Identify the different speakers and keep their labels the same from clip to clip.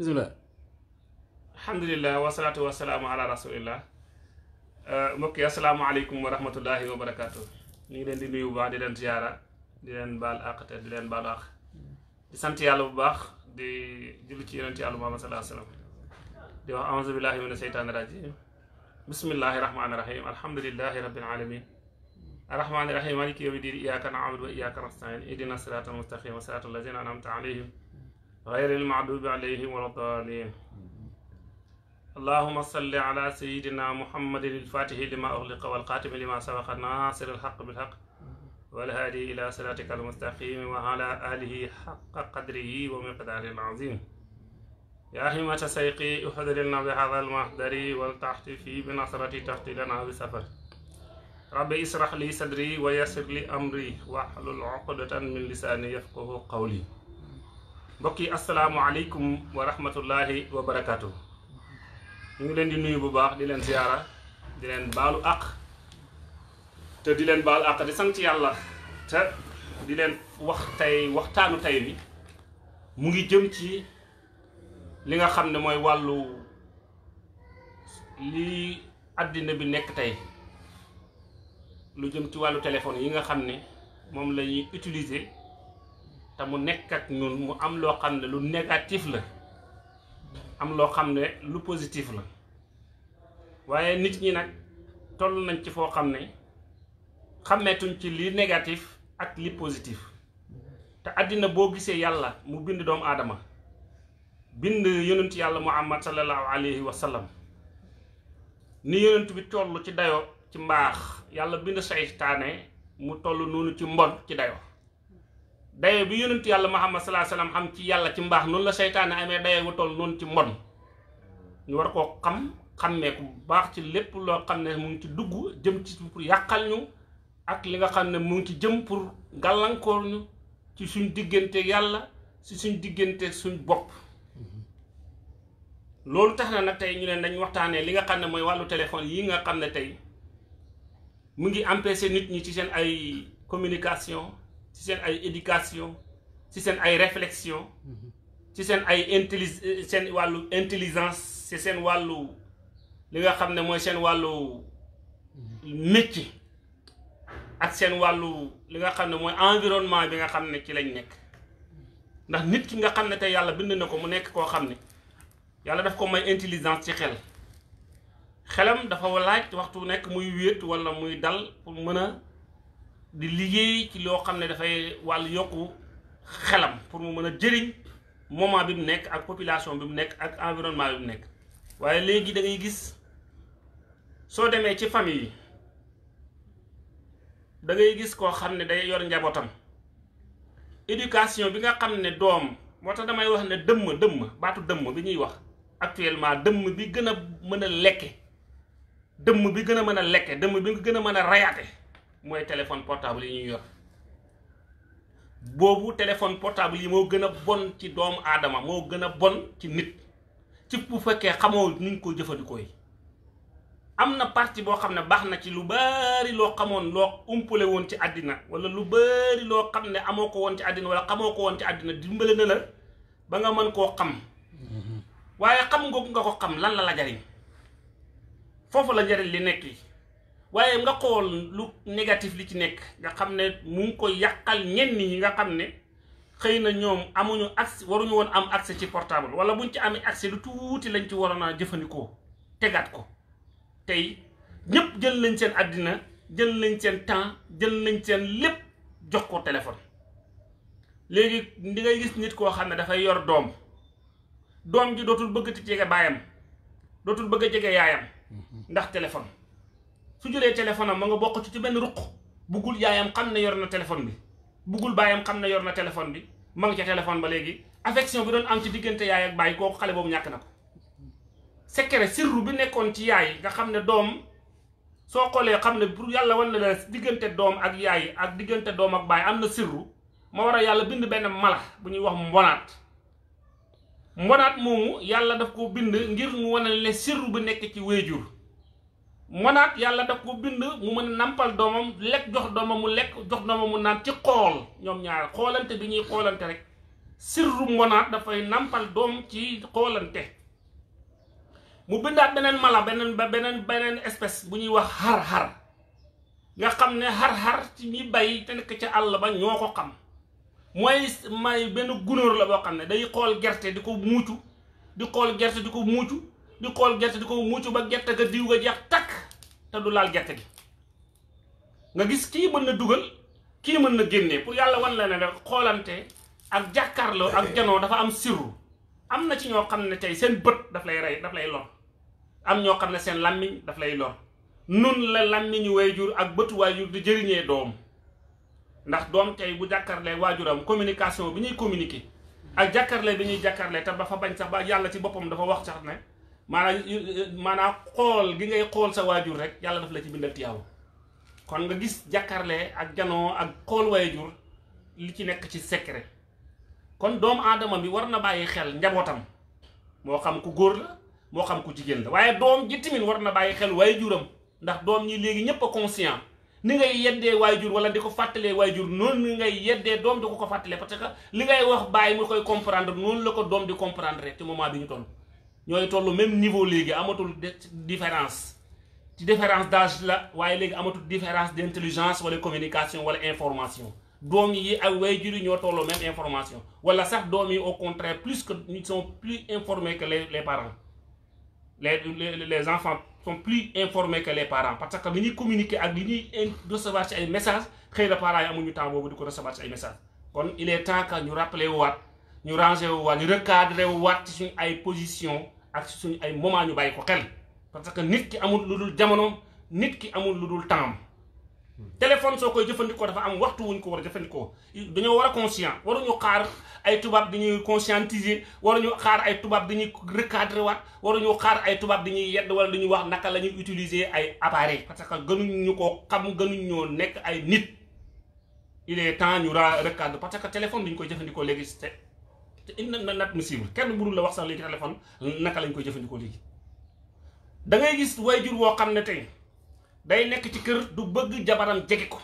Speaker 1: bisimilah. alhamdulilah wasalaatu wasalaamu ala rasulillah euh, mbokk yi asalaamaaleykum wa rahmatullahi wa barakaatu. ñu ngi leen di nuyu bu baax di leen ziyaara di leen baal àq te di leen baal àq di sant yàlla bu baax di julli ci yonent yàlla Muhammad sallallahu alayhi wa sallam di wax auzu billahi mina seytaani rajim bismillahi rahmaani rahim alhamdulilahi rabbil alamin arrahmaani rahim maliki yawmi diin iyyaka na'budu wa iyyaka nasta'in ihdina siraatal mustaqima siraatal lazina an'amta alayhim غير المعدوب عليهم ولا الضالين اللهم صل على سيدنا محمد الفاتح لما أغلق والقاتم لما سبق ناصر الحق بالحق والهادي إلى صراطك المستقيم وعلى آله حق قدره ومقداره العظيم يا همة سيقي احضر لنا بهذا المحضر والتحت في بنصرة تحت لنا بسفر ربي اسرح لي صدري ويسر لي أمري واحلل عقدة من لساني يفقه قولي mbokk yi asalaamualeykum wa rahmatullahi wa barakaatu. ñu ngi leen di nuyu bu baax di leen ziyaara di leen baalu àq te di leen baalu àq di sant yàlla te di leen wax tey waxtaanu tey bi mu ngi jëm ci li nga xam ne mooy wàllu lii àddina bi nekk tey lu jëm ci wàllu téléphone yi nga xam ni moom la ñuy utiliser. te mu nekk ak ñun mu am loo xam ne lu négatif la am loo xam ne lu positif la waaye nit ñi nag toll nañ ci foo xam ne xàmmeetuñ ci li négatif ak li positif te àddina boo gisee yàlla mu bind doomu aadama bind yonent yàlla muhammad sallallahu alayhi wa sallam ni yonent bi lu ci dayoo ci mbaax yàlla bind saytaane mu toll noonu ci mbon ci dayo daye bi yonent yàlla Muhammad salaa salaam am ci yàlla ci mbaax noonu la seytaane amee daye wu tool noonu ci mbon ñu war koo xam xammee ku baax ci lépp loo xam ne mu ngi ci dugg jëm ci pour yàqal ñu ak li nga xam ne mu ngi ci jëm gàllankoor ci suñ diggante yàlla ci suñ diggante suñ bopp loolu tax na nag tey ñu ne dañ waxtaanee li nga xam ne mooy wàllu téléphone yi nga xam ne tey mu ngi empêché nit ñi ci seen ay communication ci seen ay éducation ci seen ay reflexion mm-hmm. ci seen ay intelli seen wàllu intelligence ci seen wàllu li nga xam ne mooy seen wàllu mm-hmm. métier ak seen wàllu li nga xam ne mooy environnement bi nga xam ne ci lañ nekk ndax nit ki nga xam ne tey yàlla bind na ko mu nekk koo xam ne yàlla daf ko may intelligence ci xel xelam dafa laaj waxtu nekk muy wéet walla muy dal pour mën a di liggéey ci loo xam ne dafay wàll yokku xelam pour mu mën a jëriñ moment bi mu nekk ak population bi mu nekk ak environnement bi mu nekk waaye léegi da ngay gis soo demee ci famille yi da gis koo xam ne day yor njabootam éducation bi nga xam ne doom moo tax damay wax ne dëmm dëmm baatu dëmm bi ñuy wax actuellement dëmm bi gën a mën a lekke dëmm bi gën a mën a lekke dëmm bi gën a mën a rayaate mooy téléphone portable yi ñu yor boobu téléphone portable yi moo gën a bon ci doomu aadama moo gën a bon ci nit ci bu fekkee xamoo nuñ ko jëfandikoo yi am na partie boo xam ne baax na ci lu bari loo xamoon loo umpale woon ci àddina wala lu bari loo xam ne amoo ko woon ci àddina wala xamoo ko woon ci àddina dimbale na la ba nga mën koo xam mm-hmm. waaye xam nga nga ko xam lan la la jariñ foofu la njariñ li nekk yi waaye nga xool lu négatif li ci nekk nga xam ne mu ngi koy yàqal ñenn yi nga xam ne xëy na ñoom amuñu accès waruñu woon am accès ci portable wala buñ ci amee accès lu tuuti lañ ci waroon a jëfandikoo tegaat ko tey ñëpp jël nañ seen àddina jël nañ seen temps jël nañ seen lépp jox ko téléphone léegi dingay gis nit koo xam ne dafay yor doom doom ji dootul bëgg ti jege baayam dootul bëgg a jege yaayam mm-hmm. ndax téléphone su jëlee téléphone ma nga bokk ci ci benn ruq buggul yaayam xam ne yor na téléphone bi buggul baayam xam ne yor na téléphone bi ma nga ca téléphone ba léegi affection bi doon am ci diggante yaay ak baay kooku xale boobu ñàkk na ko bi nekkoon ci yaay nga xam ne doom soo xoolee xam ne pour yàlla wan na la diggante doom ak yaay ak diggante doom ak baay am na sirru ma war a yàlla bind benn mala bu ñuy wax mbonaat mbonaat moomu yàlla daf ko bind ngir mu wane ne sirru bi nekk ci wéejur mënaat yàlla daf ko bind mu mën a nampal doomam lekk jox doomam mu lekk jox doomam mu naan ci xool ñoom ñaar xoolante bi ñuy xoolante rek sirru mënaat dafay nampal doom ci xoolante mu bindaat beneen mala beneen ba beneen beneen espèce bu ñuy wax xar-xar nga xam ne xar-xar ci ñi bàyyi te nekk ca àll ba ñoo ko xam mooy may benn gunóor la boo xam ne day xool gerte di ko muucu di xool gerte di ko muucu di xool gerte di ko muucu ba gerte ga diw ga jeex takk te du laal gerte gi nga gis kii mën na dugal kii mën na génne pour yàlla wan la ne rek xoolante ak jàkkaarloo ak janoo dafa am sirru am na ci ñoo xam ne tey seen bët daf lay rey daf lay lor am ñoo xam ne seen làmmiñ daf lay lor nun la làmmiñu waajur ak bëtu waajur di jëriñee doom ndax doom tey bu jàkkaarlee waajuram communication bi ñuy communiquer ak jàkkaarle bi ñuy jàkkaarle te ba fa bañ sax ba yàlla ci boppam dafa wax sax ne maanaa maanaam xool gi ngay xool sa waajur rek yàlla daf la ci bindal tiyaabu kon nga gis jàkkarle ak janoo ak xool waajur li ci nekk ci secret kon doom aadama bi war na bàyyi xel njabootam moo xam ku góor la moo xam ku jigéen la waaye doom ji tamit war na bàyyi xel waajuram ndax doom ñi léegi ñëpp a conscient ni ngay yeddee waajur wala di ko fàttalee waajur noonu ngay yeddee doom di ko ko fàttalee parce que li ngay wax bàyyi mu koy comprendre noonu la ko doom di comprendre te moment bi ñu ñooy toll même niveau léegi amatul différence différence d'âge la waaye léegi amatul différence d'intelligence wala communication wala information doom yi ak waajur yi ñoo tolloo même information wala sax doom yi au contraire plus que ils sont plus informés que les les parents les les les enfants sont plus informés que les parents parce que li ñuy communiquer ak li ñuy recevoir ci ay message xëy na parents yi amuñu temps boobu di ko recevoir ci ay messages kon il est temps ñu rangé wu waat ñu wu waat ci suñu ay position suñu ay moment ñu bàyyi ko xel parce que nit ki amut lu dul jamonoom nit ki amul lu dul temps téléphone soo koy jëfandikoo dafa am waxtu wuñ ko war a jëfandikoo dañoo war a conscient waruñu xaar ay tubaab dañuy conscientiser waruñu xaar ay tubaab dañuy recadrer waat ñu xaar ay tubaab dañuy yedd wala dañuy wax naka la ñu utiliser ay appareil parce que gënuñ ñu ko xam gënuñ ñoo nekk ay nit il est temps ñu ra recadre parce que téléphone bi ñu koy jëfandikoo léegi na te inadmissible kenn mënul la wax sax léegi téléphone naka lañ koy jëfandikoo léegi dangay ngay way waajur woo xam ne tey day nekk ci kër du bëgg jabaram jege ko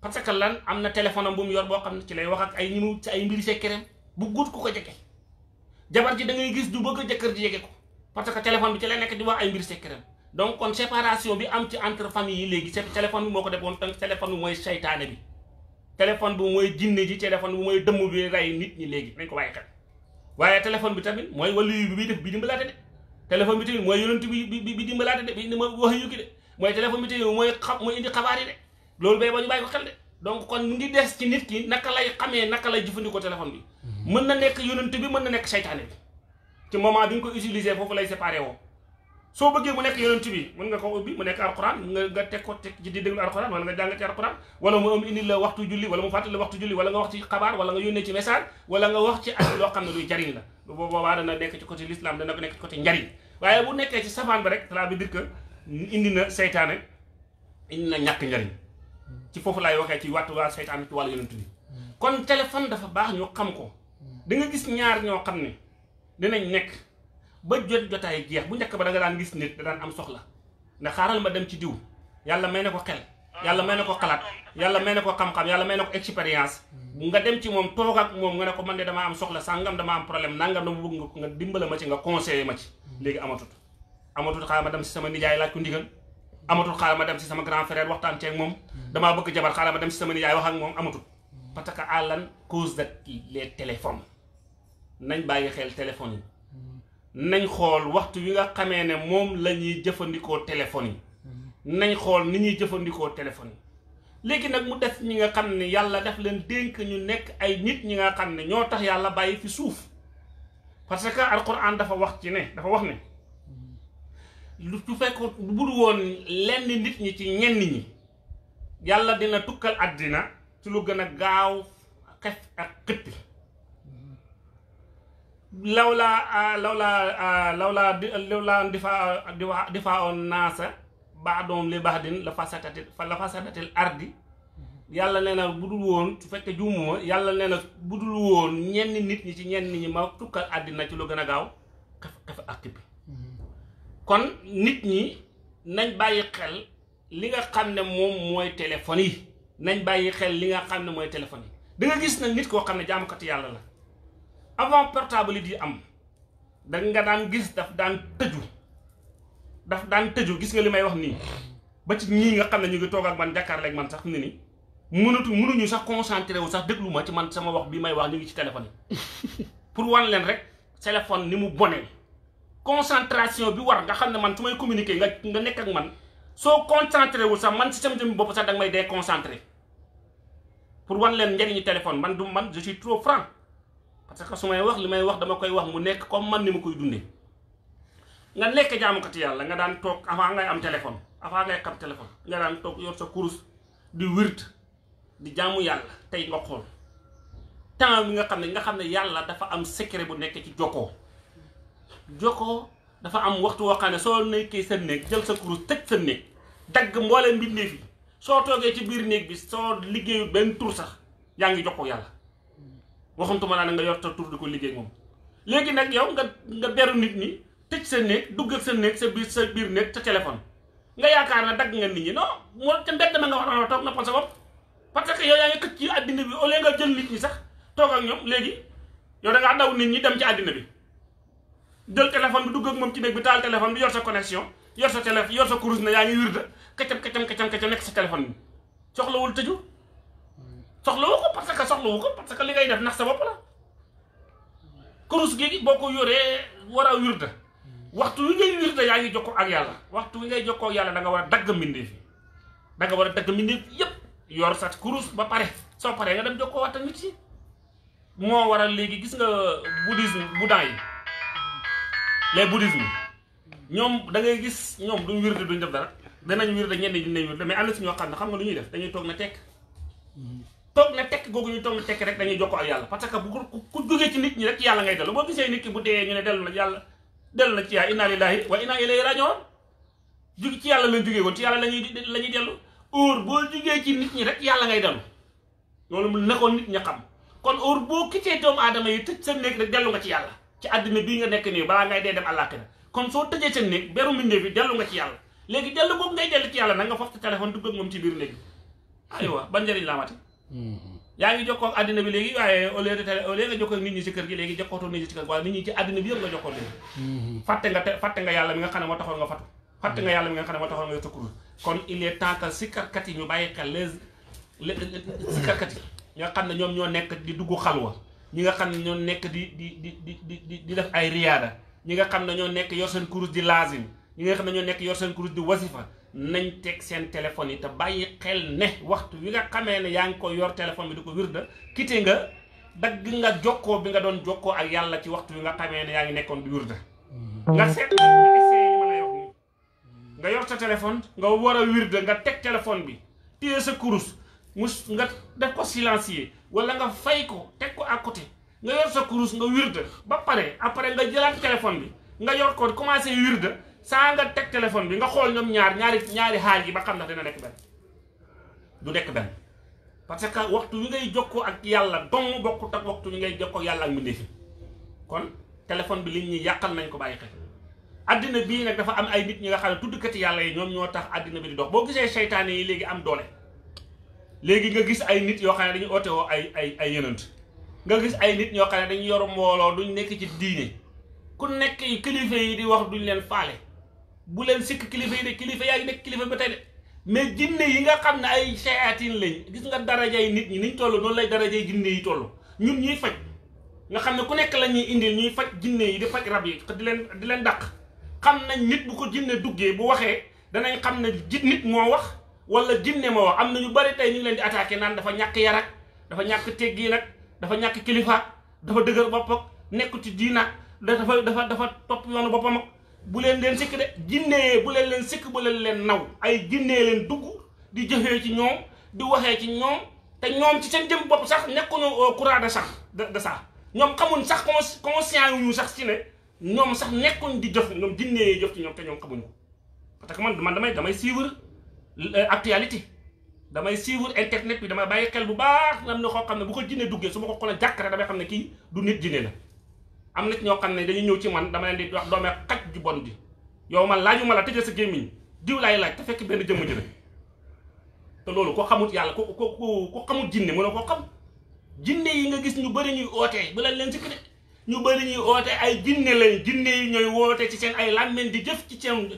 Speaker 1: parce que lan am na téléphone am bu mu yor boo xam ne ci lay wax ak ay ñimu ci ay mbiri sekkereem bu guut ku ko jege jabar ji da ngay gis du bëgg jëkkër ji jege ko parce que téléphone bi ci lay nekk di wax ay mbiri sekkereem donc kon séparation bi am ci entre famille yi léegi seen téléphone bi moo ko def woon tënk mooy seytaane bi téléphone bu mooy jinne ji téléphone bu mooy dëmm bi rey nit ñi léegi nañ ko bàyyi xel waaye téléphone bi tamit mooy waliyu bi bi def bi dimbalaate de téléphone bi tamit mooy yonent bi bi bi ma wax yu ki de mooy téléphone bi tamit mooy indi xabaar de loolu bay ba ñu ko xel de donc kon mu ngi des ci nit ki naka lay xamee naka lay jëfandikoo téléphone bi mm-hmm. mën na nekk yonent bi mën na nekk seytaane bi ci moment bi nga ko utiliser foofu lay séparé woo soo bëggee mu nekk yonent bi mën nga ko ubbi mu nekk alquran nga nga teg ko teg di déglu alquran wala nga jàng ci alquran wala mu am indi la waxtu julli wala mu fàttali la waxtu julli wala nga wax ci xabaar wala nga yónnee ci message wala nga wax ci ak loo xam ne luy jariñ la boobaa dana nekk ci côté l'islam dana ko nekk ci côté njariñ waaye bu nekkee ci safaan ba rek cela veut dire que indi na seytaane indi na ñàkk njariñ ci foofu laay waxee ci wàttu waa seytaane ci wàllu yonent bi kon téléphone dafa baax ñu xam ko hmm. da nga gis ñaar ñoo xam ne dinañ nekk ba jot jotaay jeex bu njëkk ba da nga daan gis nit da daan am soxla ne xaaral ma dem ci diw yàlla may ne ko xel yàlla may ne ko xalaat yàlla may na ko xam-xam yàlla may ne ko expérience nga dem ci moom toog moom nga ne ko man de damaa am soxla sàngam damaa am problème nanga dama bëgg nga dimbala ma ci nga conseiller ma ci léegi amatut amatut xaaral ma dem si sama nijaay laaj ko ndigal amatul xaaral ma dem ci sama grand frère waxtaan ceeg moom damaa bëgg jabar xaaral ma dem si sama nijaay wax ak moom amatul parce que lan cause de les téléphones nañ bàyyi xel téléphone yi nañ xool waxtu wi nga xamee ne moom la ñuy jëfandikoo téléphone yi nañ xool ni ñuy jëfandikoo téléphone yi léegi nag mu def ñi nga xam ne yàlla def leen dénk ñu nekk ay nit ñi nga xam ne ñoo tax yàlla bàyyi fi suuf parce que alquran dafa wax ci ne dafa wax ne lu su fekkoon bu du woon lenn nit ñi ci ñenn ñi yàlla dina tukkal àddina ci lu gën a gaaw xef ak xippi lawlaa lawlaa lawlaa lawlaa difaa difaa on naasa baadoom li baadin la fasadati la fasadatil ardi yàlla nee na bu dul woon su fekkee juumoo yàlla nee na bu dul woon ñenn nit ñi ci ñenn ñi ma tukkal àddina ci lu gën a gaaw xef xef ak bi kon nit ñi nañ bàyyi xel li nga xam ne moom mooy téléphone yi nañ bàyyi xel li nga xam ne mooy téléphone yi da gis nag nit koo xam ne jaamukati yàlla la avant portable di am da nga daan gis daf daan tëju daf daan tëju gis nga li may wax nii ba ci ñii nga xam ne ñu ngi toog ak man jàkkaarloo ak man sax ne ni mënatu munuñu sax concentré wu sax déglu ma ci man sama wax bii may wax ñu ngi ci téléphone yi pour wan leen rek téléphone ni mu bone concentration bi war nga xam ne man su may communiquer nga nga nekk ak man soo concentré wu sax man si sama jëm bopp sax danga may déconcentré pour wan leen njëriñu téléphone man du man je suis trop parce que su may wax li may wax dama koy wax mu nekk comme man ni ma koy dundee nga nekk jaamukati yàlla nga daan toog avant ngay am téléphone avant ngay xam téléphone nga daan toog yor sa kurus di wirt di jaamu yàlla tey nga xool bi nga xam ne nga xam ne yàlla dafa am secret bu nekk ci jokkoo jokkoo dafa am waxtu woo xam ne soo nekkee sa néeg jël sa kurus teg sa néeg dagg mbooleem mbindeef yi soo toogee ci biir néeg bi soo liggéeyul benn tur sax yaa ngi jokkoo yàlla waxantuma naa ne nga yor ta tur di ko liggéey moom léegi nag yow nga nga beru nit ñi tëj sa néeg duggal sa néeg sa biir sa biir néeg sa téléphone nga yaakaar na dagg nga nit ñi non moo ca mbedd ma nga waroon a toog noppal sa bopp parce que yow yaa ngi xëcc ci àddina bi au lieu nga jël nit ñi sax toog ak ñoom léegi yow da ngaa daw nit ñi dem ci àddina bi jël téléphone bi dugg ak moom ci néeg bi taal téléphone bi yor sa connexion yor sa téléphone yor sa kurus na yaa ngi wirda këcam këcam këcam këcam nekk sa téléphone bi soxlawul tëju soxlawu ko parce que soxlawu ko parce que li ngay def nax sa bopp la kurus gi boo ko yoree war a wirda waxtu wi ngay wirda yaa ngi jox ko ak yàlla waxtu wi ngay jokkoo ak yàlla danga war a dagg mbindeef yi da nga war a dagg mbindeef yor sa kurus ba pare soo paree nga dem jox ko ak nit yi moo waral léegi gis nga bouddhisme bouddha yi les bouddhisme ñoom da ngay gis ñoom duñ wirde duñ def dara danañ wirde ñenn ñi dinañ wirde mais am si ñoo xam ne xam nga lu ñuy def dañuy toog na tekk toog na tekk googu ñu toog na tekk rek dañuy jokkoo ak yàlla parce que bu ku jógee ci nit ñi rek yàlla ngay dellu boo gisee nit ki bu dee ñu ne dellu na yàlla dellu na ci yaa inna lillahi wa inna ilayhi yàlla la jógee woon ci yàlla lañuy la ñuy dellu óor ñi rek yàlla ngay dellu loolu mu nekkoon ña xam kon óor boo kiccee doomu aadama yi tëj sa néeg rek dellu nga ci yàlla ci àddina bii nga nekk nii balaa ngay dee dem àllaaxira kon soo tëjee sa néeg beru mbindéef bi dellu nga ci yàlla léegi dellu boobu ngay dellu ci yàlla na nga foog sa téléphone dugg moom ci biir néeg aywa ban njëriñ la amati yaa ngi jokkoo ak àddina bi léegi waaye au lieu de télé nga jokkoo ak nit ñi si kër gi léegi jokkootoo nit ñi si kër gi waaye nit ñi ci àddina bi léegi nga te fàtte nga yàlla mi nga xam ne moo taxoon nga fatu fàtte nga yàlla mi nga xam ne moo taxoon nga tëkkul kon il est temps xam ne ñoom ñoo nekk di dugg xalwa ñi nga xam ne ñoo nekk di di di di di def ay riyaada ñi nga xam ne ñoo nekk yor seen kurus di laazim ñi nga xam ne ñoo nekk yor seen kurus di wasifa nañ teg seen téléphone yi te bàyyi xel ne waxtu wi nga xamee ne yaa ngi ko yor téléphone bi di ko wirda kite nga dagg nga jokkoo bi nga doon jokkoo ak yàlla ci waxtu wi nga xamee ne yaa ngi nekkoon di wirda mm-hmm. nga seet nga sa téléphone nga war a wirda nga teg téléphone bi téye sa kurus mus nga def ko silencier wala nga fay ko teg ko à côté nga yor sa kurus nga wirda ba pare après nga jëlaat téléphone bi nga yor ko commencé wirda saa nga teg téléphone bi nga xool ñoom ñaar ñaari ñaari xaal yi ba xam ndax dina nekk benn du nekk benn parce que waxtu wi ngay ko ak yàlla dong bokk ak waxtu wi ngay jox ko yàlla ak mbindéef yi kon téléphone bi li ñuy yàqal nañ ko bàyyi xel addina bii nag dafa am ay nit ñi nga xam ne tuddkati yàlla yi ñoom ñoo tax addina bi di dox boo gisee seytaane yi léegi am doole léegi nga gis ay nit yoo xam ne dañu oote woo ay ay ay nga gis ay nit ñoo xam ne dañuy yor mbooloo duñ nekk ci diine ku nekk kilifa yi di wax duñ leen faale bu leen sikk kilifa yi de kilifa yaa ngi nekk kilifa ba tey de mais jinne yi nga xam ne ay sayaatin lañ gis nga darajay nit ñi niñ toll noonu lay darajay jinne yi toll ñun ñuy faj nga xam ne ku nekk la ñuy indil ñuy faj jinne yi di faj rab yi di leen di leen dàq xam nañ nit bu ko jinne duggee bu waxee danañ xam ne ji nit moo wax wala jinne moo wax am na ñu bari tey ñu leen di attaqué naan dafa ñàkk yarak ak dafa ñàkk teggi nag dafa ñàkk kilifa dafa dëgër bopp ak nekk ci diina dafa dafa dafa topp yoonu boppam ak bu leen leen sikk de jinneyee bu leen leen sikk bu leen leen naw ay jinnee leen dugg di jëfee ci ñoom di waxee ci ñoom te ñoom ci seen jëm bopp sax nekkuñu au euh, courant de sax de ça ñoom xamuñ sax conscient yu ñu sax ci ne ñoom sax nekkuñ di jëf ñoom jinneyee jëf ci ñoom te ñoom xamuñu ko parce que man man damay damay suivre euh, actualité damay suivre internet bi damay bàyyi xel bu baax am na koo xam ne bu ko jinne duggee su ma ko xoolee jàkk rek damay xam ne kii du nit jinne la am na ci ñoo xam ne dañuy ñëw ci man dama leen di wax doome xaj ju bon ji yow man laajuma la tëjee sa gémmiñ diw laay laaj te fekk benn jëmm ji te loolu ko xamut yàlla ko ko ko xamut jinne mën koo xam jinne yi nga gis ñu bëri ñuy ootee bu leen leen sikk de ñu bari ñuy oote ay jinne lañ jinne yi ñooy woote ci seen ay làmmiñ di jëf ci seen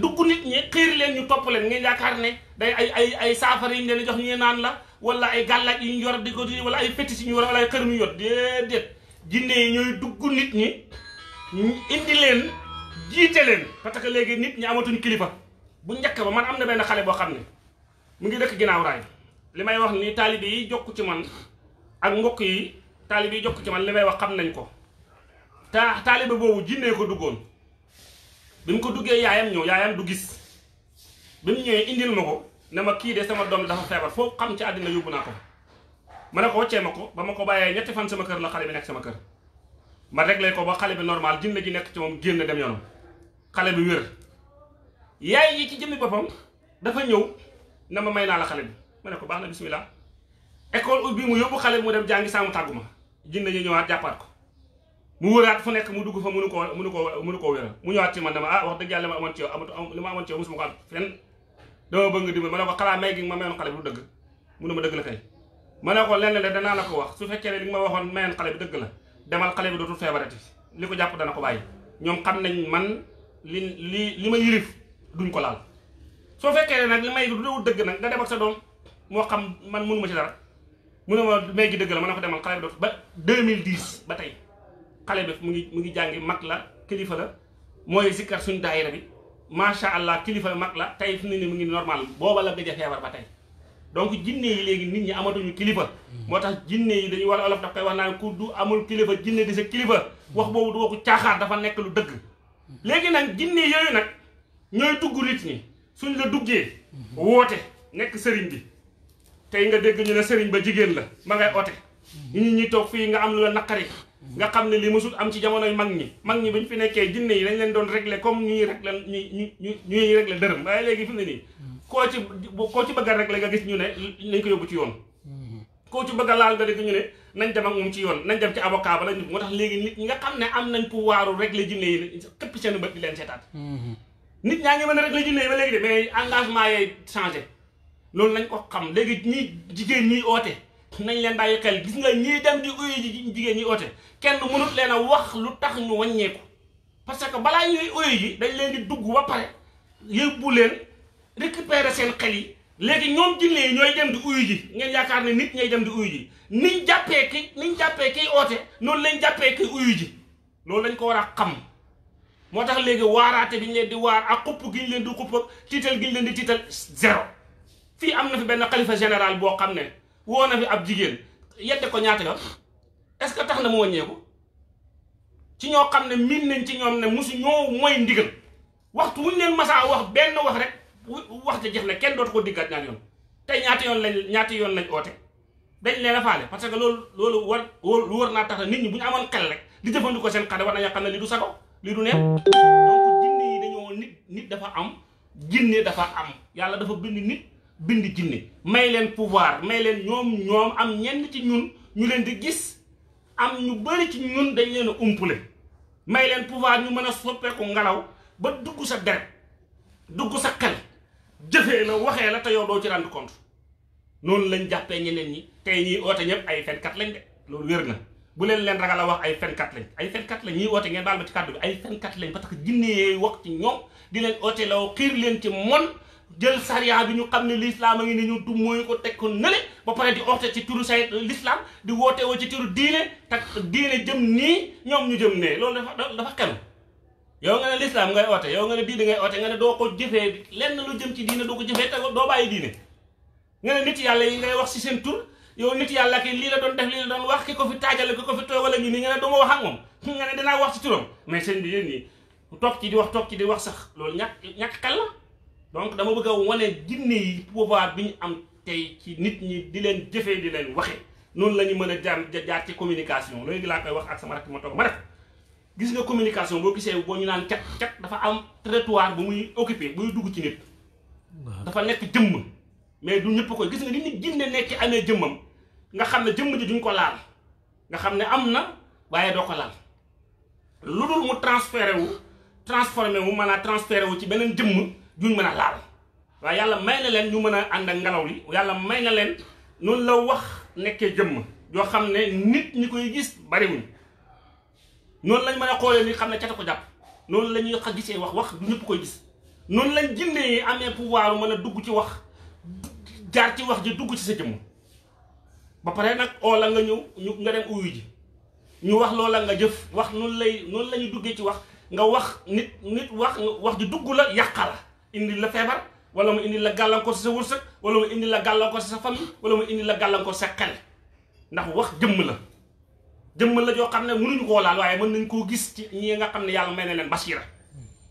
Speaker 1: dugg nit ñi xiir leen ñu topp leen ngeen yaakaar ne day ay ay ay saafara yi ñu leen jox ñu naan la wala ay gàllaaj yi ñu yor di ko wala ay fétis ñu yor wala ay xër yu ñu yor jinne yi ñooy dugg nit ñi ñu indi leen jiite leen parce que léegi nit ñi amatuñ kilifa bu njëkk ba man am na benn xale boo xam ne mu ngi dëkk ginnaaw raay li may wax ni taalibe yi jokk ci man ak mbokk yi taalibe yi jokk ci man li may wax xam nañ ko ta taalibe boobu jinnee ko duggoon bi mu ko duggee yaayam ñëw yaayam du gis bi mu ñëwee indil ma ko ne ma kii de sama doom dafa feebar foo xam ci àddina yóbbu naa ko ma ne ko waccee ma ko ba ma ko bàyyee ñetti fan sama kër la xale bi nekk sama kër ma réglé ko ba xale bi normal jën la ji nekk ci moom génn dem yoonam xale bi wér yaay yi ci jëmmi boppam dafa ñëw na ma may naa la xale bi ma ne ko baax na bismillah école ubbi mu yóbbu xale bi mu dem jàngi saamu tàggu ma jinn ñu ñëwaat jàppaat ko mu wëraat fu nekk mu dugg fa mënu koo mënu koo mënu koo wéral mu ñëwaat ci man dama ah wax dëgg yàlla li ma amoon ci ma amoon ci yow mosuma ko am fenn dama bëgg nga dimbali ma ne ko xalaat may ma mayoon xale dëgg mu ne ma dëgg ma ne ko lenn de danaa la ko wax su fekkee ne li ma waxoon mayeen xale bi dëgg la demal xale bi dootul feebarati li ko jàpp dana ko bàyyi ñoom xam nañ man li li li ma yirif duñ ko laal soo fekkee ne nag li may du dewul dëgg nag nga dem ak sa doom moo xam man mënu ma ci dara mënu ma may gi dëgg la ma a ko demal xale bi dootul ba 2010 ba tey xale bi mu ngi mu ngi jàngi mag la kilifa la mooy sikkar suñ daayira bi macha allah kilifa mag la tey fi mu mu ngi normal booba la gëj a feebar ba tey donc jinne yi léegi nit ñi amatuñu kilifa moo tax jinne yi dañu war olof daf koy wax naa ko du amul kilifa jinne di sa kilifa wax boobu du waxu caaxaar dafa nekk lu dëgg léegi nag jinne yooyu nag ñooy dugg nit ñi suñ la duggee woote nekk sëriñ bi tey nga dégg ñu ne sëriñ ba jigéen la ma ngay oote nit ñi toog fii nga am lu la naqari nga xam ne li masul am ci jamonoy mag ñi mag ñi bañ fi nekkee jinne yi dañu leen doon régler comme ñu ñu ñu ñuy ñuy régler dërëm waaye léegi fi mu nii koo ci koo ci a rek la nga gis ñu ne nañ ko yóbbu ci yoon koo ci bëgg laal nga dégg ñu ne nañ dem ak moom ci yoon nañ dem ci avocat ba moo tax léegi nit ñi nga ne am nañ pouvoiru régler jinne yi këpp seen bët di leen seetaat mhm. nit ñaa ngi mën a régler jinne yi ba mais engagement yee changé loolu nañ ko xam léegi ñii jigéen ñiy oote nañ leen bàyyi xel gis nga ñii dem di uyu jigéen ñi oote kenn mënut leen a wax lu tax ñu wàññeeku parce que balaa ñuy uyu ji dañ leen di dugg ba pare yóbbu leen récupérer seen xel yi léegi ñoom jinne ñooy dem di uyu ji ngeen yaakaar ne nit ñooy dem di uyu ji niñ jàppee ki niñ jàppee kiy oote noonu lañ jàppee ki uyu ji loolu lañ ko war a xam moo tax léegi waaraate bi leen di waar ak xupp gi ñu leen di xupp ak tiital gi ñu leen di tiital zéro fii am na fi benn xalifa général boo xam ne woo na fi ab jigéen yedde ko ñaata la est-ce que tax na mu wàññeeku ci ñoo xam ne miin nañ ci ñoom ne mosu ñoo mooy ndigal waxtu wuñ leen masaa wax benn wax rek wax ja jeex na kenn dootu ko diggaat ñaar yoon tey ñaata yoon lañ ñaata yoon lañ oote dañ leen a faale parce que loolu loolu war lu war naa tax nit ñi bu ñu amoon xel rek di jëfandikoo seen xel war nañoo xam ne lii du sago lii du neen mm. donc jinne yi dañoo nit nit dafa am jinne dafa am yàlla dafa bind nit bind jinne may leen pouvoir may leen ñoom ñoom am ñenn ci ñun ñu leen di gis am ñu bëri ci ñun dañ leen a umpule may leen pouvoir ñu mën a soppeeku ngelaw ba dugg sa deret dugg sa xel jëfee na waxee la te yow doo ci rendre compte noonu lañ jàppee ñeneen ñi tey ñiy oote ñëpp ay fenkat lañ de loolu wér na bu leen leen ragal a wax ay fenkat lañ ay fenkat lañ ñiy oote ngeen baal ma ci kàddu bi ay fenkat parce que jinne yee wax ci ñoom di leen oote law xiir leen ci mon jël sariya bi ñu xam ne lislaam a ngi ni ñu du mooy ko teg ko nële ba pare di oote ci turu say lislaam di woote woo ci turu diine tak diine jëm nii ñoom ñu jëm nee loolu dafa dafa xelu yow nga ne lislaam ngay oote yow nga ne diine ngay oote nga ne doo ko jëfee lenn lu jëm ci diine doo ko jëfee te doo bàyyi diine nga nit yàlla yi ngay wax si seen tur yow nit yàlla ki lii la doon def lii la doon wax ki ko fi taajale ki ko fi toogal ak nii nga ne doo ma wax ak moom nga ne dinaa wax ci turam mais seen bi yéen ñi toog ci di wax toog ci di wax sax loolu ñàkk ñàkk xel la donc dama bëgg a wane jinne yi pouvoir bi ñu am tey ci nit ñi di leen jëfee di leen waxee noonu la ñu mën a jaar jaar ci communication léegi laa koy wax ak sama rakk ma toog gis nga communication boo gisee boo ñu naan cat cat dafa am trottoir bu muy occupé buy dugg ci nit. dafa nekk jëmm. mais du ñëpp ko gis nga ni nit jinne nekk amee jëmmam nga xam ne jëmm ji duñ ko laal nga xam ne am na waaye doo ko laal lu dul mu transféré wu transformé wu mën a transféré wu ci beneen jëmm juñ mën a laal waaye yàlla may leen ñu mën a ànd ak ngelaw li yàlla may na leen noonu la wax nekkee jëmm yoo xam ne nit ñi koy gis bariwuñ noonu lañ mën a xoolee ni xam ne cata ko jàpp noonu la ñuy gisee wax wax du ñëpp koy gis noonu lañ jindee yi amee pouvoir mën a dugg ci wax jaar ci wax ji dugg ci sa jëmm ba pare nag oola nga ñëw ñu nga dem uyu ji ñu wax loola nga jëf wax noonu lay noonu la ñuy duggee ci wax nga wax nit nit wax wax ji dugg la yàqa indi la feebar wala mu indi la gàllankoor si sa wërsëg wala mu indi la gàllankoor si sa famille wala mu indi la gàllankoor sa xel ndax wax jëmm la jëmmal la joo xam ne mënuñu koo laal waaye mën nañ koo gis ci ñi nga xam ne yàlla may na leen basira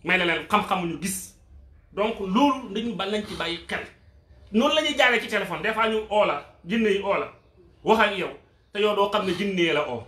Speaker 1: may na leen xam ñu gis donc loolu dañu ba nañ ci bàyyi xel noonu la ñuy jaaree ci téléphone des fois ñu oo la jinne yi oo la wax ak yow te yow doo xam ne jinne la oo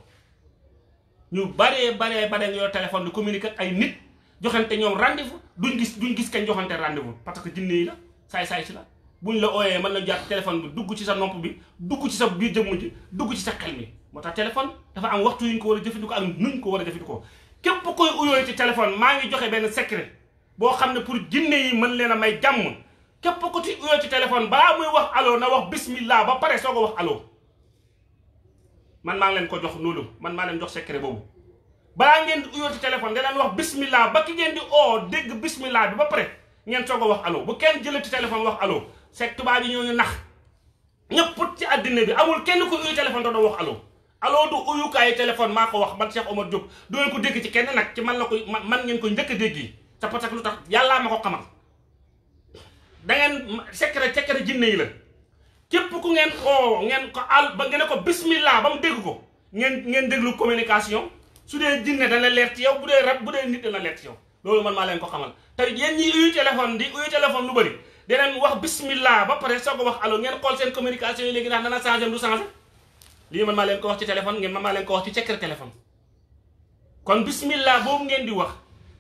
Speaker 1: ñu baree baree baree nga yor téléphone di communiquer ak ay nit joxante ñoom rendez-vous duñ gis duñ gis kañ joxante rendez parce que jinne yi la saay-saay si la buñ la ooyee mën na jaar téléphone bi dugg ci sa nopp bi dugg ci sa biir jëmm ji dugg ci sa xel mi moo tax téléphone dafa am waxtu yu ñu ko war a jëfandikoo ak nuñ ko war a jëfandikoo képp koy uyoo ci téléphone maa ngi joxe benn secret boo xam ne pour jinne yi mën may jàmm képp ko ci ci téléphone balaa muy wax aloo na wax bismillah ba pare soo ko wax aloo man maa leen ko jox loolu man maa leen jox secret boobu balaa ngeen di téléphone da wax bismillah ba ki ngeen di oo dégg bismillah bi ba pare ngeen soog wax allo bu kenn jëlee ci téléphone wax allo c'est tubaab yi ñoo ñu nax ñëpp ci àddina bi amul kenn ku uyoo téléphone da wax allo. aloo du uyukaayu téléphone maa ko wax man Cheikh Omar Diop du ngeen ko dégg ci kenn nag ci man la ko man ngeen ko njëkk a dégg yi te parce lu tax yàllaa ma ko xamal da ngeen secret secret jinne yi la képp ku ngeen xoo ngeen ko al ba ngeen ko bismillah ba mu dégg ko ngeen ngeen déglu communication su dee jinne dana leer ci yow bu dee rab bu dee nit dana leer ci yow loolu man maa leen ko xamal te yéen ñi uyu téléphone di uyu téléphone lu bëri deneen wax bismillah ba pare soo ko wax allo ngeen xool seen communication yi léegi ndax dana changé lii man maa leen ko wax ci téléphone ngeen man maa leen ko wax ci cekkere téléphone kon bismillah boobu ngeen di wax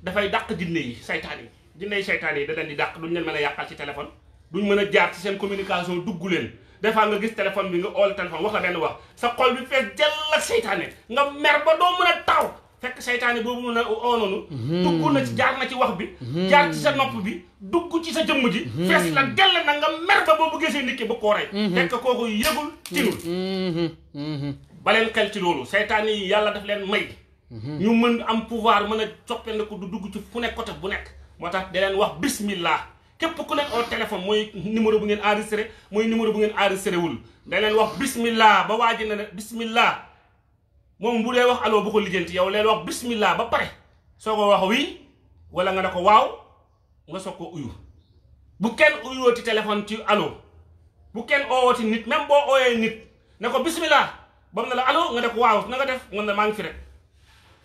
Speaker 1: dafay dàq jinne yi saytaan yi jinne yi saytaan yi da leen di dàq duñ leen mën a yàqal ci téléphone duñ mën a jaar ci seen communication dugg leen des fois nga gis téléphone bi nga ool téléphone wax la benn wax sa xol bi fees jël ak seytaane nga mer ba doo mën a taw fekk seytaane boobu na oo noonu hmm. dugg na ci jaar na ci wax bi hmm. jaar ci sa nopp bi dugg ci sa jëmm ji hmm. fees la dell na nga mer ba boo bëggee seen nit ki bu ko rey fekk kooku yëgul tinul baleen xel ci loolu seytaane yi yàlla daf leen may ñu mën am pouvoir mën a soppandiku du dugg ci fu nekk côté bu nekk moo tax daleen wax bismillah képp ku nekk oo téléphone mooy numéro bu ngeen enregistré mooy numéro bu ngeen enregistré wul da leen wax bismillah ba waa ji ne moom bu dee wax allo bu ko lijjanti yow leen wax bismillah ba pare soo ko wax wii wala nga ne ko waaw nga soog ko uyu bu kenn uyooti téléphone ci allo bu kenn oowooti nit même boo ooyee nit ne ko bismillah bam na la allo nga def waaw na nga def mën na maa fi rek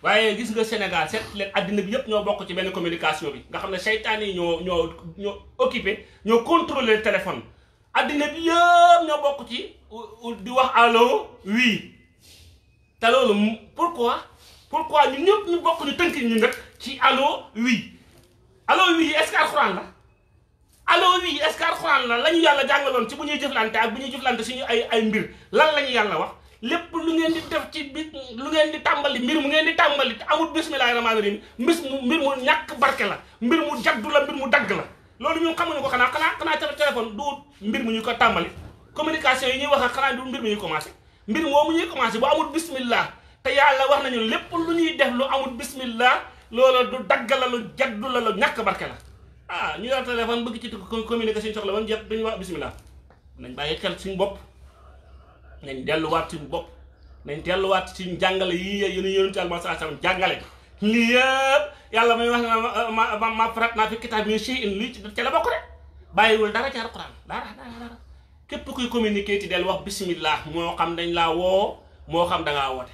Speaker 1: waaye gis nga senegal seet leen addina bi yëpp ñoo bokk ci benn communication bi nga xam ne seytaan yi ñoo ñoo ñoo occupé ñoo contrôler téléphone addina bi yëpp ñoo bokk ci di wax allo oui te loolu pourquoi pourquoi ñun ñëpp ñu bokk ñu tënk ñu nag ci allo oui allo oui est-ce la allo oui est-ce que la la ñu yàlla jàngaloon ci bu ñuy jëflante ak bu ñuy jëflante suñu ay ay mbir lan la ñu yàlla wax lépp lu ngeen di def ci bi lu ngeen di tàmbali mbir mu ngeen di tàmbali amul bismillahi rahmaani rahim mbis mu mbir mu ñàkk barke la mbir mu jaddu la mbir mu dagg la loolu ñun xamuñu ko xanaa xanaa xanaa téléphone du mbir mu ñu ko tàmbali communication yi ñuy wax ak xanaa mbir mu ñu commencé mbir moomu ñuy commencé bu amul bismillah te yàlla wax nañu lépp lu ñuy def lu amul bismillah loola du dagg la lu jaddu la lu ñàkk barke la ah ñu yor téléphone bëgg ci communiquer suñu soxla woon jëpp duñu wax bismillah nañ bàyyi xel suñu bopp nañ delluwaat suñu bopp nañ delluwaat suñu jàngale yi yéen yonente alma saa sam jàngale lii yëpp yàlla may wax na ma ma ma farat naa fi kitaab min shay'in lii ci la bokk rek bàyyiwul dara ci alquran képp kuy communiquer ti del wax bismillah moo xam dañ laa woo moo xam dangaa woote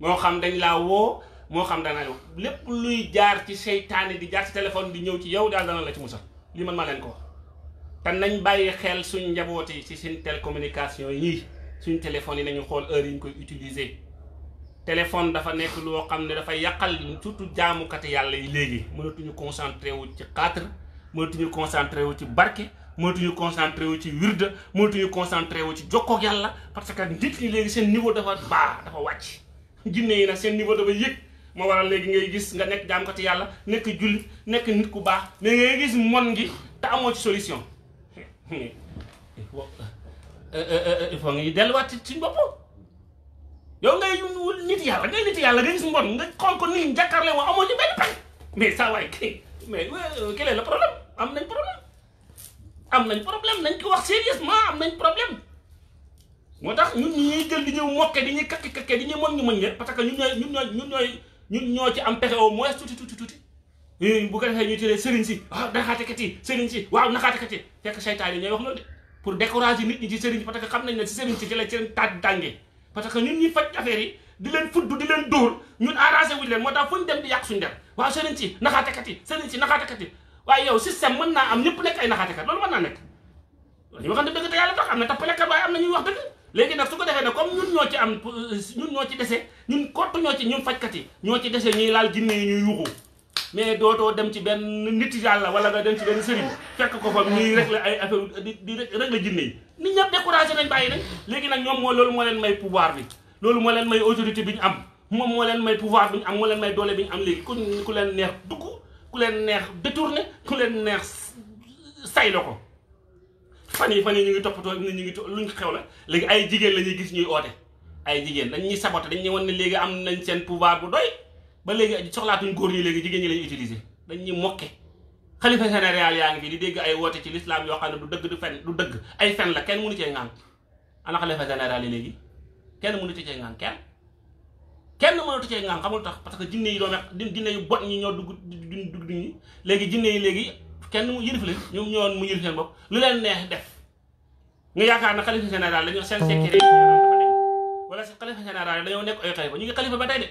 Speaker 1: moo xam dañ laa woo moo xam danaa wax lépp luy jaar ci seytaane di jaar ci téléphone di ñëw ci yow daal dana la ci musal lii man ma leen ko wax te nañ bàyyi xel suñ njaboot yi ci seen télécommunication yii suñ téléphone yi nañu xool heure yi ñu koy utiliser téléphone dafa nekk loo xam ne dafa yàqal surtout jaamukati yàlla yi léegi mënatuñu concentré wu ci katr mënatuñu concentré wu ci barke mënatuñu concentré wu ci wirda mënatuñu concentré wu ci jokkoog yàlla parce que nit ñi léegi seen niveau dafa baax dafa wàcc jinne yi nag seen niveau dafa yëg moo waral léegi ngay gis nga nekk jaam ko ci yàlla nekk jullit nekk nit ku baax mais ngay gis mon te amoo ci solution il faut nga delluwaat ci suñu bopp yow ngay nit yàlla ngay nit yàlla nga gis mais saa waay mais euh, quel est problème am nañ problème am nañ problème nañ ko wax sérieusement am nañ problème moo tax ñun ñi ñuy jël di ñuy mokke di ñuy kakki kakke di ñuy mën ñu mën ñe parce que ñun ñooy ñun ñooy ñun ñooy ñun ñoo ci am pexe au moins tuuti tuuti tuuti bu ko defee ñuy tëddee sëriñ si waaw ah, naxaatekat yi sëriñ si waaw naxaatekat yi fekk seytaan yi ñooy wax loolu de pour décourager nit ñi ci sëriñ parce que xam nañ ne si sëriñ si ci la seen taaj tàngee parce que ñun ñuy faj affaire yi di leen fudd di leen dóor ñun arrangé wuñ leen moo tax fu ñu dem di yàq suñu der waaw sëriñ si naxaatekat yi sëriñ si naxaatekat yi waaye yow système mën naa am ñëpp nekk ay naxaatekat loolu mën naa nekk ñu waxante dëgg te yàlla tax am na tappalekat waaye am na ñuy wax dëgg léegi nag su ko defee ne comme ñun ñoo ci am ñun ñoo ci dese ñun kott ñoo ci ñun fajkat yi ñoo ci dese ñuy laal jinne yi ñuy yuuxu mais dootoo dem ci benn nit yàlla wala nga dem ci benn sëriñ fekk ko fa ñuy régler ay affaire di di régler jinne yi nit ñëpp découragé nañ bàyyi nañ léegi nag ñoom moo loolu moo leen may pouvoir bi loolu moo may autorité bi ñu am moom moo leen may pouvoir bi ñu am moo doole bi am léegi ku ku leen neex dugg ku leen neex détourné ku leen neex saylo ko fan yi fan yi ñu ngi toppatoo ñu ngi xew la léegi ay jigéen la ñuy gis ñuy oote ay jigéen dañ ñuy saboté dañ ñuy wan ne léegi am nañ seen pouvoir bu doy ba léegi soxlaatuñ góor ñi léegi jigéen ñi lañuy utiliser dañ ñuy mokke xalifa général yaa ngi fi di dégg ay woote ci lislaam yoo xam ne du dëgg du fen du dëgg ay fen la kenn mënu cee ŋaan ana xalifa général yi léegi kenn mënu cee ŋaan kenn kenn mënatu cee ngaan xamul tax parce que jinne yi doon wax jinne yu bon ñi ñoo dugg dugg dugg ñi léegi jinne yi léegi kenn mu yërif leen ñoom ñoo mu yërif leen bopp lu leen neex def nga yaakaar na xalifa général dañoo seen secret wala si xalifa général dañoo nekk ay xalifa ñu ngi xalifa ba de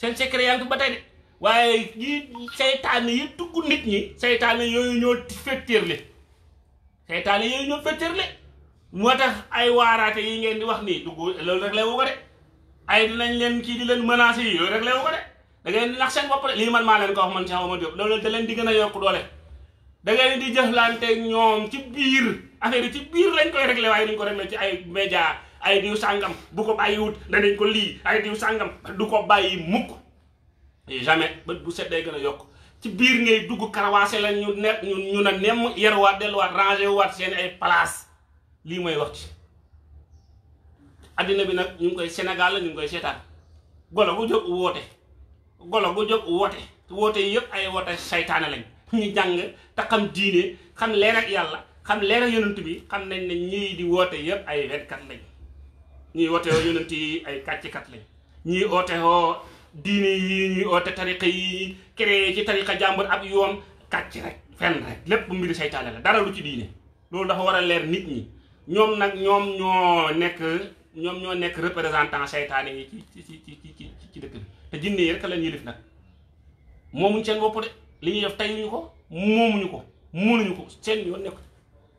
Speaker 1: seen secret yaa ngi fi ba tey de waaye yi seytaane yi dugg nit ñi seytaane yooyu ñoo féttéerle seytaane yooyu ñoo féttéerle moo tax ay waaraate yi ngeen di wax nii dugg loolu rek lay woo ko de ay dinañ leen kii di leen menacé yi yooyu rek leen ko de da ngeen nax seen bopp de lii man maa leen ko wax man Cheikh Omar Diop leen di gën a yokk doole da ngeen di lante ñoom ci biir affaire yi ci biir lañ koy réglé waaye dañ ko réglé ci ay média ay diw sàngam bu ko bàyyiwut danañ ko lii ay diw sàngam du ko bàyyi mukk jamais bët bu set day gën a yokk ci biir ngay dugg karawaase la ñu ne ñu ne nemm yerwaat delluwaat rangé waat seen ay place lii mooy wax ci addina bi nag ñu koy Sénégal la koy seetaan golo bu jóg woote golo bu jóg woote woote yëpp ay woote seytaane lañ ñu jàng te xam diine xam leer yàlla xam leer ak bi xam nañ ne ñii di woote yëpp ay wetkat lañ woote woo yonent ay kàccikat lañ ñii oote woo diine yi ñuy oote tariqa yi créé ci tariqa jàmbur ak yoon kàcc rek fenn rek lépp mbiri saytaane la dara lu ci diine loolu dafa war a leer nit ñi ñoom nag ñoom ñoo nekk ñoom ñoo nekk représentant seytaane yi ci ci ci ci ci dëkk bi te jinne yi rek lañ yëlif nag moomuñ seen bopp de li ñuy def tayuñu ko moomuñu ko mu mënuñu ko seen yoon nekk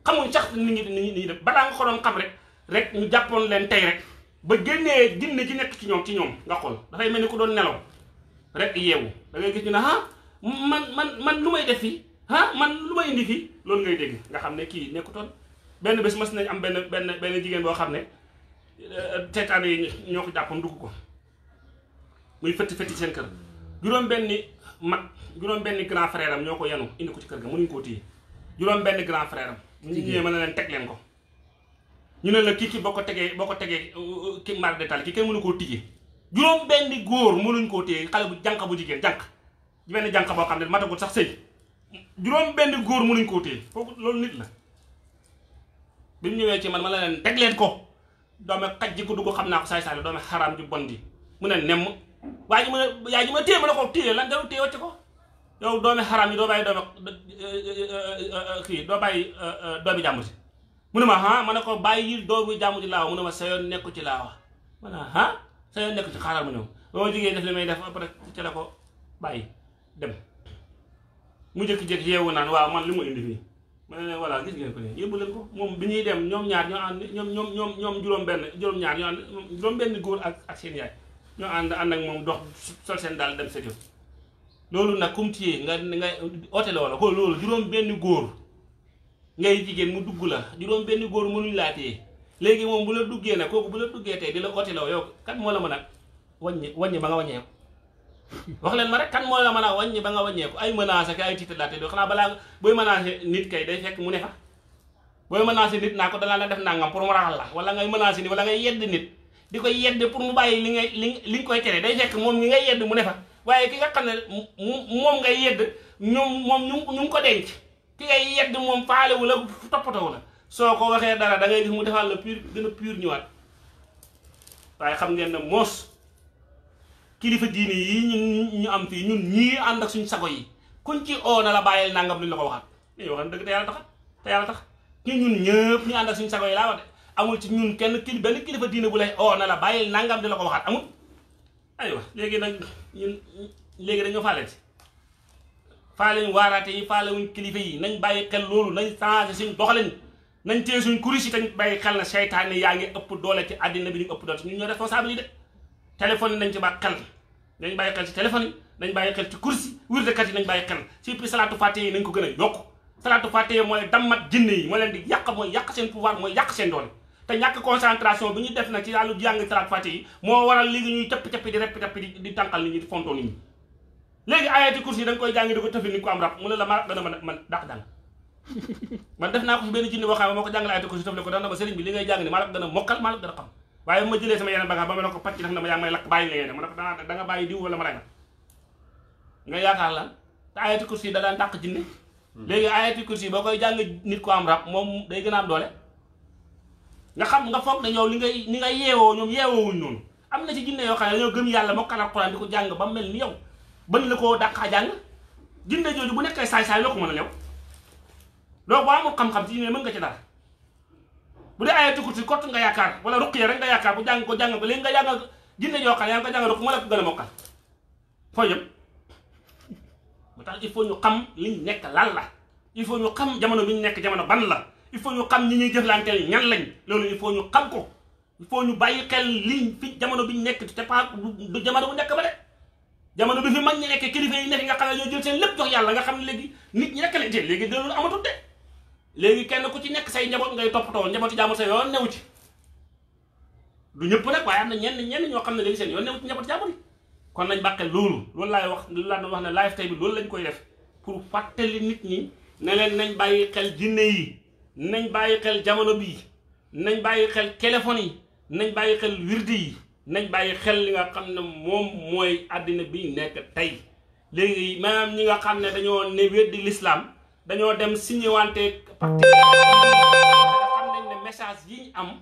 Speaker 1: xamuñ sax nit ñi nit ñi def balaa nga ko doon xam rek rek ñu jàppoon leen tey rek ba génnee jinne ci nekk ci ñoom ci ñoom nga xool dafay mel ni ku doon nelaw rek yeewu da ngay gis ñu ne ah man man man lu may def fii ah man lu may indi fii loolu ngay dégg nga xam ne kii nekkutoon benn bés mas nañ am benn benn benn jigéen boo xam ne teetaane yi ñoo ko jàppoon dugg ko muy fëtti fëtti seen kër juróom benni mag juróom benni grand frère am ñoo ko yanu indi ko ci kër gi mënuñu koo téye juróom benn grand frère am mën na leen teg leen ko ñu ne la kii ki boo ko tegee boo ko tegee uh, uh, ki mar détal ki kenn mënu koo tijji juróom benni góor mënuñ koo téye xale bu jànq bu jigéen jànq benn jànq boo xam ne matagul sax sëy juróom benn góor mënuñ koo téye kooku loolu nit la bi mu ñëwee ci man ma na leen teg leen ko doome xaj ji ko dugg xam naa ko saay-saay la doome xaraam ji bon ji mu ne nemm waa ji mu ne yaa ji ma téye ma ne ko téye lan jarul téye wacc ko yow doomi xaraam yi doo bàyyi doomi euh, euh, euh, kii doo bàyyi doomi jàmm mu ne ma ah ma ne ko bàyyi doomi jàmm ci laawa mu ne ma nekku ci laawa ma ne ah sa yoon nekku ci xaaral ma ñëw ba ma def li may def après ci la ko bàyyi dem mu jékki-jékki yeewu naan waaw man li mu indi fii ma ne leen voilà gis ngeen ko nii yóbbu leen ko moom bi ñuy dem ñoom ñaar ñoo ñoom ñoom ñoom ñoom juróom-benn juróom-ñaar ñoo ànd juróom-benn góor ak ak seen yaay ñoo ànd ànd ak moom dox sol seen daal dem sa jot loolu nag comme téye nga nga oote la wala ko loolu juróom-benn góor ngay jigéen mu dugg la juróom-benn góor mënuñ laa téye léegi moom bu la duggee nag kooku bu la duggee tey di la oote la yow kat moo la mën a wàññi wàññi ba nga wàññeeku. wax leen ma rek kan moo la mën a wàññi ba nga wàññeeku ay menaces ak ay titre laate do xanaa balaa booy menacé nit kay day fekk mu ne fa booy menacé nit naa ko danaa la def nangam pour mu raxal la wala ngay menacé ni wala ngay yedd nit di ko yedd pour mu bàyyi li nga li li nga koy tere day fekk moom ñi ngay yedd mu ne fa waaye ki nga xam ne moom ngay yedd ñoom moom ñu ñu ngi ko denc ki ngay yedd moom faalewu la toppatawu la soo ko waxee dara da ngay gis mu defal la pur gën a pur ñëwaat xam ngeen ne moos kilifa diine yi ñun ñu am fii ñun ñii ànd ak suñu sago yi kuñ ci oo na la bàyyil nangam luñ la ko waxaat eh, dañuy te yàlla tax te yàlla tax ñu ñun ñëpp ñu ànd ak suñu sago yi laa wax de amul ci ñun kenn kili benn kilifa diine bu lay oo na la bàyyil nangam di la ko waxaat amul aywa léegi nag ñun léegi dañoo faale si faale ñu waaraate yi faale wuñ kilifa yi nañ bàyyi xel loolu nañ changé suñ doxalin nañ tee suñ kuris yi tañ bàyyi xel na seytaane yaa ngi ëpp doole ci àddina bi ñu ëpp doole si ñun ñoo responsabilité nañ ci ba nañ bàyyi xel ci téléphone yi nañ bàyyi xel ci kursi wirdekat yi nañ bàyyi ci salaatu fàtte yi nañ ko gën a yokk salaatu yi mooy moo yàq mooy yàq seen pouvoir seen doole te ñàkk concentration bi ñuy def nag ci yàllu jàng salaatu fàtte moo waral léegi ñuy capp-cappi di repp cappi di tànqal kursi yi da nga koy jàngi di ko tëfi ni ko am rab mu ne kursi tëf le ko dana ma sëriñ ngay jàng ni maa la gën a mokkal maa la ko a xam waaye bu ma jëlee sama yeneen bagage ba ma ne ko pàcc def na ma yaa may lakk bàyyi nga yeneen ma ne ko danaa da bàyyi diw wala ma rey nga yaakaar la te ayati kursi da daan dàq jinne hmm. léegi ayati kursi boo koy jàng nit ko am rab moom day gën a am doole nga xam nga foog ne yow li ngay li nga yeewoo ñoom yeewoowuñ noonu am na ci jinne yoo xam ne dañoo gën yàlla mokkal alxuraan di ko jàng ba mel ni yow bañ la koo dàqaa jàng jinne jooju bu nekkee sa saay loo ko mën a lew loolu boo amul xam-xam nga ci dara bu dee ayatul kursi kott nga yaakaar wala ruqiya rek nga yaakaar bu jàng ko jàng ba léegi nga jàng jinne joo xam yaa ngi ko jàng moo la ko gën a mokkal foo jëm mu tax il faut ñu xam liñ nekk lan la il faut ñu xam jamono bi ñu nekk jamono ban la il faut ñu xam ñi ñuy jëflanteel ñan lañ loolu il faut ñu xam ko il faut ñu bàyyi xel liñ jamono bi ñu nekk te pas du jamono bu nekk ba de jamono bi fi mag ñi nekk kilifa yi nekk nga xam ne ñoo nga xam léegi nit ñi rek la léegi loolu amatul de léegi kenn ku ci nekk say njaboot ngay toppatoo njabooti jàmbur sa yoon newu ci du ñëpp nag waaye am na ñenn ñenn ñoo xam ne léegi seen yoon newu ci njabooti jàmbur yi kon nañ bàqee loolu loolu laay wax loolu wax ne live tey bi loolu lañ koy def pour fàttali nit ñi ne leen nañ bàyyi xel jinne yi nañ bàyyi xel jamono bii nañ bàyyi xel téléphone yi nañ bàyyi xel wirdi yi nañ bàyyi xel li nga xam ne moom mooy àddina bi nekk tey léegi maanaam ñi nga xam ne dañoo ne weddi lislaam dañoo dem signé wante parti xam nañ ne message yi am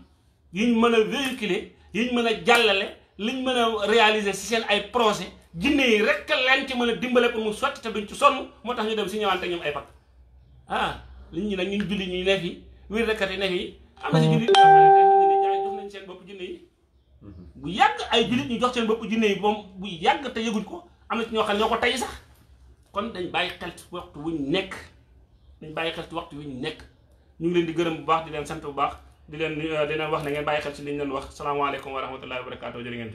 Speaker 1: yi mën a véhiculer yi ñu mën a jàllale liñ mën a réaliser si seen ay projet jinne yi rek leen ci mën a dimbale pour mu sotti te duñ ci sonn moo tax ñu dem signé wante ay pacte ah liñ ñu nag ñun julli ñu ne fi wiir rekkat yi ne fi am na si julli jox nañ seen bopp jinne yi bu yàgg ay jullit ñu jox seen bopp jinne yi moom bu yàgg te yëguñ ko am na ñoo xam ne ñoo ko tey sax kon dañ bàyyi xel waxtu wuñ nekk dañ bàyyi xel ci waxtu wi ñu nekk ñu ngi leen di gërëm bu baax di leen sant bu baax di leen euh, di leen wax ne ngeen bàyyi xel ci li ñu leen wax salaamaaleykum wa rahmatullahi wa barakatu jërë ngeen